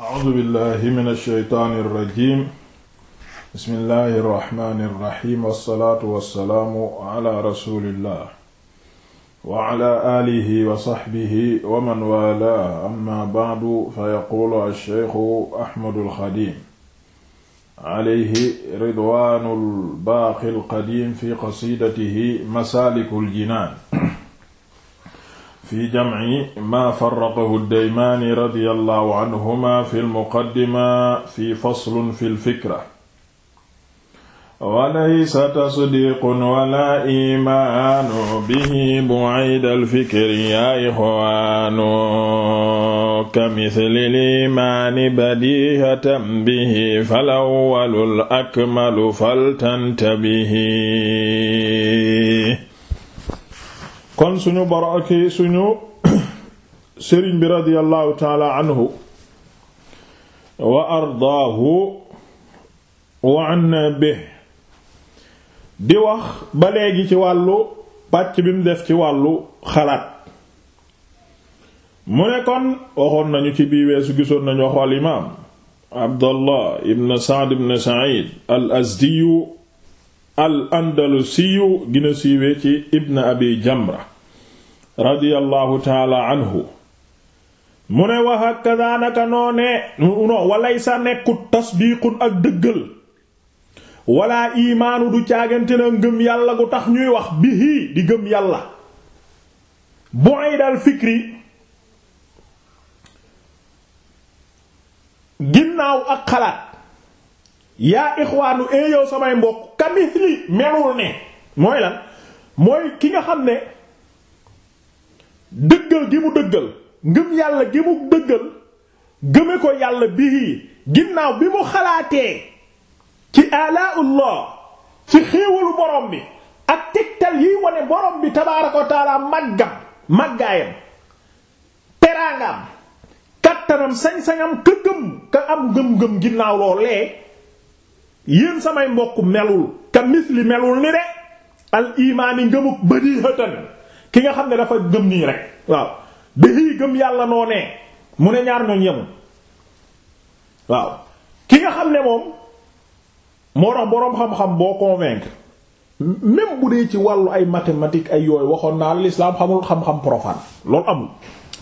a'uuzu billahi min ash-shaytaani rrajiim bismillahi rrahmaani rrahiim wassalaatu wassalaamu ala rasulillah wa ala aalihi wa saxbihi wa man waalaahu amma ba'du fa yaquulu ash-shaykhu Ahmadul Xadiim alayhi ridwaanul baaqil qadiim fi qasiidatihi masaalikul jinaan fi jamci ma faraqahu daymaani radiyallahu anhuma fi lmuqaddima fi faslun fi lfikra walaysa tasdiqun wala imaanu bihi bu'ida alfikri ya ixwaanu kamithli limaani badihatan bihi falawwalu l akmalu faltantabihi kon suñu boro suñu sëriñ bi radiyallahu taala anhu wa ardaahu wa anna bi di wax ba léegi ci wàllu pàcc bi mu def ci wàllu xalaat mu ne kon waxoon nañu ci bii weesu gisoon nañu waxu al imaam abdallah ibn saad ibn said al azdiyu al andalusiyu gina siiwee ci ibn abi jamra radiyallahu taala anhu mu ne wa hakada naka noonee no nekkut tasdiiqun ak dëggal wala imaanu du caagante na ngëm yàlla gu tax ñuy wax bihi di gëm yàlla bu'idal fikri ginnaaw ak xalaat yaa ixwaanu eeyow eh samay mbokk kamithli melul ne mooy lan mooy ki nga xam ne dëggal gi mu dëggal ngëm yàlla gi mu dëggal gëme ko yàlla bii ginnaaw bi mu xalaatee ci alaa'ullah ci xéewalu borom bi ak tegtal yiy wane borom bi tabaaraka wa taala màggam màggaayam teraangam kattanam sañ-sañam ka gëm ka am gëm-gëm ginnaaw loolee yéen samay mbokk melul ka misli melul ni de al imaani ngëmuk badiihatan ki nga xam ne dafa gëm nii rek waaw bi hii gëm yàlla noo mu ne ñaar ñooñ yemul waaw ki nga xam ne moom moo tax boroom xam-xam boo convaincre même bu dee ci wàllu ay mathématiques ay yooyu waxoon naa lislaam xamul xam-xam profane loolu amul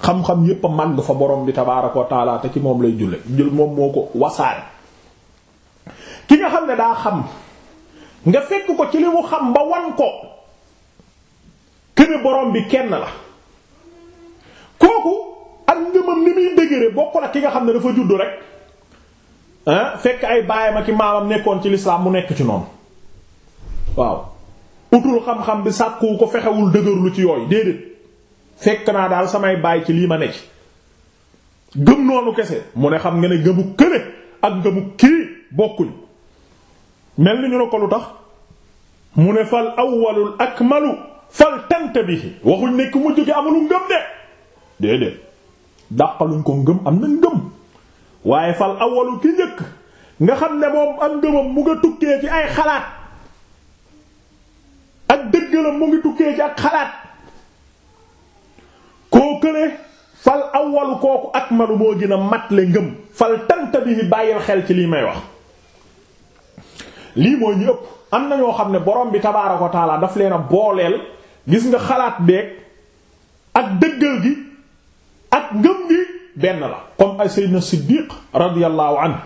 xam-xam yépp a màgg fa borom bi tabaaraka wa ci moom lay julle jël moom moo ko wasaare ki nga xam ne daa xam nga fekk ko ci li mu xam ba wan ko këne borom bi kenn la kooku ak ngëmam ni muy dëgëre bokk ak ki nga xam ne dafa juddu rek fekk ay baayam ak maamam nekkoon ci lislaam mu nekk ci noonu waaw utul xam-xam bi sàkku ko fexewul dëgërlu ci yooyu déedéet fekk naa daal samay baay ci lii ma nekk gëm noonu kese mu ne xam nga ne ngëmu këne ak ngëmu kii bokkuñ mel ni ne ko lu tax mu ne fal awwalul akmalu amanta bihi waxuñ nekk mujj jóge amulu ngëm de déedéet dàqaluñ ko ngëm am na ngëm waaye fal awalu ki njëkk nga xam ne moom am ngëmam mu nga tukkee ci ay xalaat ak dëggalam mu ngi tukkee ci ak xalaat koo kële fal awalu kooku ak malu moo gën a matle ngëm fal tanta bihi bàyyil xel ci lii may wax lii mooy ñu ëpp am na ñoo xam ne borom bi tabaaraka ko taala daf leen a booleel gis nga xalaat beeg ak dëggal gi ak ngëm gi benn la comme ay sayyidna siddiq radiyallahu anhu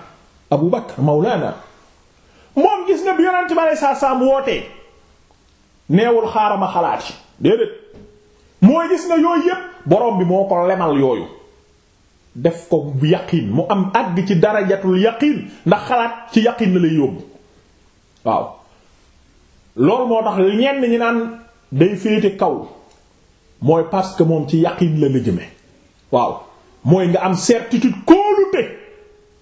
abu bakr mawlana moom gis nga bi yonente bi aleye saat salaam wootee neewul xaarama xalaat yi déedéet mooy gis nga yooyu yépp borom bi moo ko lemal yooyu def ko yaqiin mu am àgg ci darajatul yaqiin ndax xalaat ci yaqiin la lay yóbbu waaw loolu moo tax ñenn ñi naan day féete kaw mooy parce que moom ci yaqin la la jëme waaw mooy nga am certitude kóolute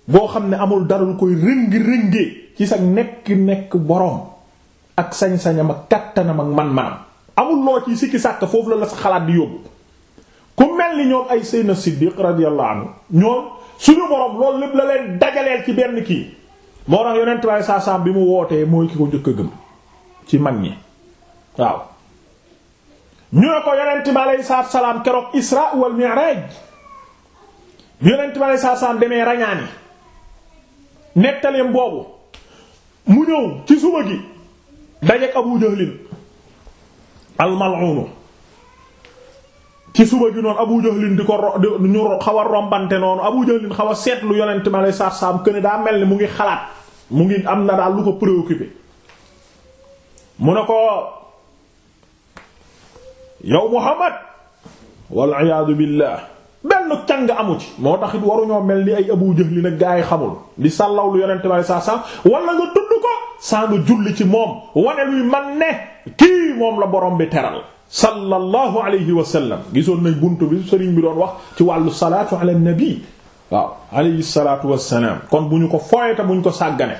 boo xam ne amul dara lu koy rëngi-rëngee ci sa nekk-nekk boroom ak sañ-sañam ak kattanam ak man-manam amul loo ci sikki sàkk foofu la la sa xalaat bi yóbbu ku mel ni ñoom ay Seydina Siddiq radiyallahu anhu ñoom suñu boroom loolu lépp la leen dajaleel ci benn kii moo tax yonent saa saam bi mu wootee mooy ki ko njëkk a gëm ci mag ñi waaw ñu ne ko yonent bi aleyhi salaatu keroog isra wal mi'raj bi yonent bi aleyhi salaatu demee rañaani nettaleem boobu mu ñëw ci suba gi dajeek Abu Jahlin almal'un ci suba gi noonu Abu Jahlin di ko ñu xaw rombante noonu Abu Jahlin xaw a seetlu yonent bi aleyhi salaatu salaam daa mel ni mu ngi xalaat mu ngi am na daal lu ko préoccupé mu ne ko. yow Muhammad wal iyaadu billah benn càng amu ci moo taxit waruñoo mel ni ay Abu Jahl nag gaa yi xamul di sàllaw lu yonent bari saa saa wala nga tudd ko saa nga julli ci moom wane luy man ne kii moom la borom bi teral sallallahu alayhi wa sallam gisoon nañ bunt bi sëriñ bi doon wax ci wàllu salaatu ala nabi waaw alayhi salaatu wassalaam kon bu ñu ko fooyata bu ñu ko sàggane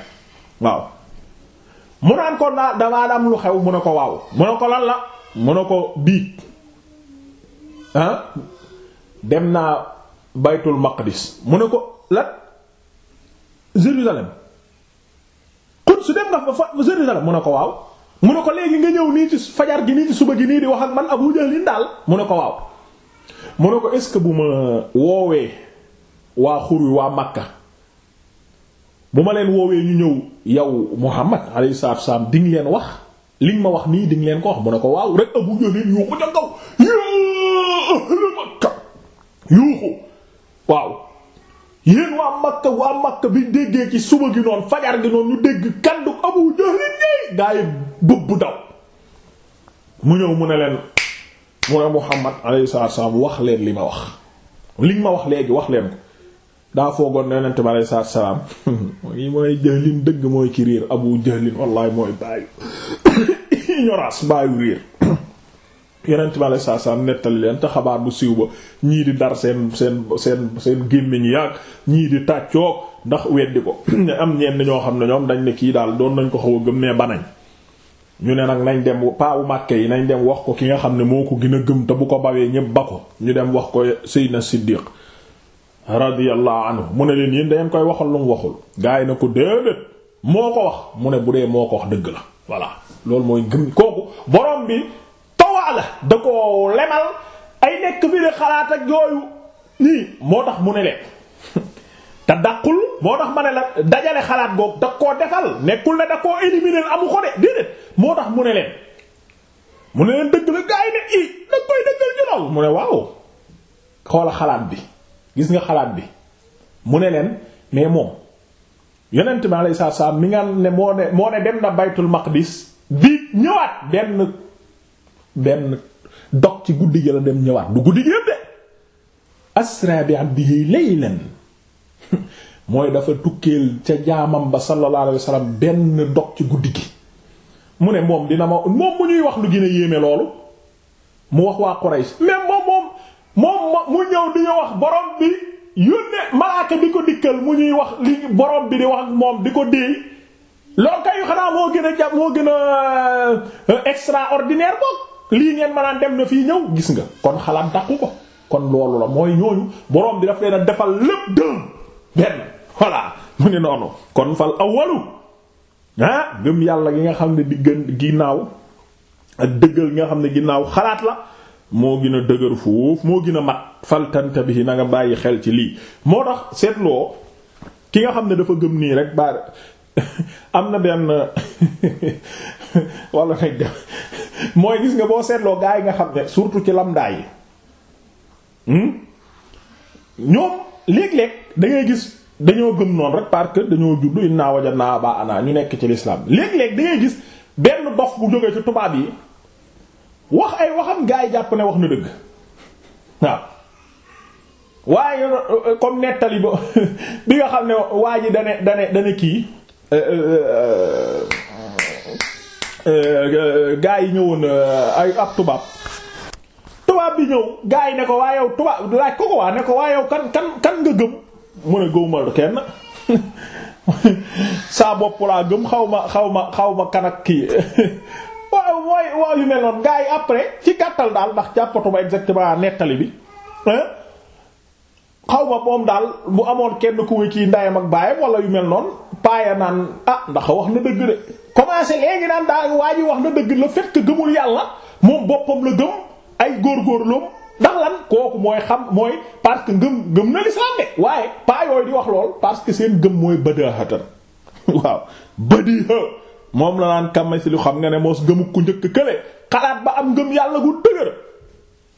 waaw mu naan ko damaa am lu xew mu ne ko waaw mu ne ko lan la mu ne ko biig ah dem naa baytul maqdis mu ne ko lan Jérusalem Quds dem nga fa fa Jérusalem mu ne ko waaw mu ne ko léegi nga ñëw nii ci fajar gi nii ci suba gi nii di wax ak man Abu Jahlin daal mu ne ko waaw mu ne ko est-ce que bu ma woowee waa xur wi waa Makka bu ma leen woowee ñu ñëw yow Muhammad alayhi salaatu wa salaam di nga leen wax liñ ma wax nii diñ leen ko wax mu ne ko waaw rek abu jëlin yuuxu ca kaw yaa makka yuuxu waaw yéen waa makka waa makka bi déggee ci suba gi noonu fajar gi noonu dégg kaddu abu jëlin ñëy gaa yi bëbb daw mu ñëw mu ne leen mu ne muhammad alayhi salaam wax leen li ma wax liñ ma wax léegi wax leen ko daa foogoon ne yonent bi aleyhi salaatu wa salaam jëlin dëgg mooy ki abu jëlin wallahi mooy bàyyi ignorance mbaayu réer yeneen time ale saa saa nettali leen te xabaar bu siiw ñii di dar seen seen seen seen gémmiñ yàgg ñii di tàccoog ndax weddi ko am ñenn ñoo xam ne ñoom dañ kii daal doon nañ ko xaw ñu ne nag nañ dem paawu màkke yi nañ dem wax ko ki nga xam ne moo ko gën a gëm te bu ko bawee ñépp ba ko ñu dem wax ko sëy Seydina Siddiq radiyallahu anhu mu ne leen yéen dangeen koy waxal lu mu waxul gaa yi na ko déedéet moo ko wax mu ne bu dee moo ko wax dëgg la voilà loolu mooy ngëm kooku borom bi tawaala da ko lemal ay nekk fi di xalaat ak yooyu nii moo tax mu ne leen te daqul moo tax ma ne la dajale xalaat boobu da koo defal nekkul ne da koo éliminer amu ko déedéet moo tax mu ne leen mu ne leen dëgg la gaa yi ne i da koy dëggal ñu mu ne waaw xoola xalaat bi gis nga xalaat bi mu ne leen mais moom yonent bi alayhi salaatu salaam mi nga ne moo ne moo ne dem na baytul maqdis bi ñëwaat benn benn dog ci guddi gi la dem ñëwaat bu guddi gi de asra bi abdihi laylan mooy dafa tukkeel ca jaamam ba sallallahu alayhi wasallam benn dog ci guddi gi mu ne moom dina ma moom mu ñuy wax lu gën a yéeme loolu mu wax waa Quraysh mais moom moom mu ñëw di ñu wax borom bi yónnee malaaka bi ko dikkal mu ñuy wax li borom bi di wax ak moom di ko déey loolu kay xanaa moo gën a jàpp moo gën a euh, extraordinaire boog lii ngeen manaan dem na fii ñëw gis nga kon xalaat dàqu ko kon loolu la mooy ñooñu borom bi daf leen a defal lépp dëm benn voilà mu ni noonu kon fal awwalu ah yàlla gi nga xam ne di gën ginnaaw ak dëggal nga xam ne ginnaaw xalaat la moo gën a dëgër foofu moo gën a mat faltanta bi na nga bàyyi xel ci lii moo tax seetloo ki nga xam ne dafa gëm nii rek ba am na benn wala nag dem mooy gis nga boo seetloo gaa yi nga xam ne surtout ci lamdaay yi hmm? ñoom léeg-léeg da gis dañoo gëm noonu rek parce que dañoo juddu inna wajadna ba ana ñu nekk ci l'islam léeg-léeg da gis benn dof bu jógee ci tubaab yi wax ay waxam gaa yi jàpp ne wax na dëgg waaw waaye comme nettali ba bi nga xam ne waa ji dane dane dane kii euh, euh, euh, gaa yi ñëwoon ay ab tubaab tubaab bi ñëw gaa yi ne ko waa yow tubaab laaj ko ko waa ne ko waa yow kan kan kan nga gëm mu ne gëwmal kenn saa bopp laa gëm xaw ma xaw ma xaw ma kan ak kii mooy waaw yu mel noonu gars yi après ci gàttal daal ndax jàppatuma exactement nettali bi xaw ma moom daal bu amoon kenn ku kii ndayam ak baayam wala yu mel noonu paaya naan ah ndax wax na dëgg de commencé léegi naan daal waa ji wax na dëgg le fait gëmul yàlla moom boppam la gëm ay góorgóorloom ndax lan kooku mooy xam mooy parce que ngëm gëm na l'islam de waaye paa di wax lool parce que seen gëm mooy bëdaaxatan waaw bëdiha moom la naan kàmmasi lu xam nga ne moos gëmu ku njëkk kële xalaat ba am ngëm yàlla gu dëgër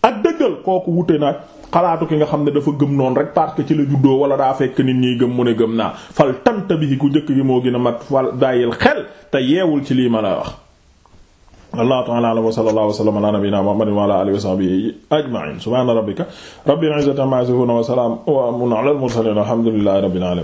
ak dëggal kooku wute nag xalaatu ki nga xam ne dafa gëm noonu rek parce que ci la juddoo wala daa fekk nit ñiy gëm mu ne gëm naa fal tam bi ku njëkk gi moo gën a mat fal bàyyil xel te yeewul ci lii ma la wax wallahu ta'ala a'lam wa sallallahu wa sallama ala nabiyyina muhammadin wa ala alihi wa sahbihi ajma'in subhana rabbika rabbil izzati amma yasifun wa salamun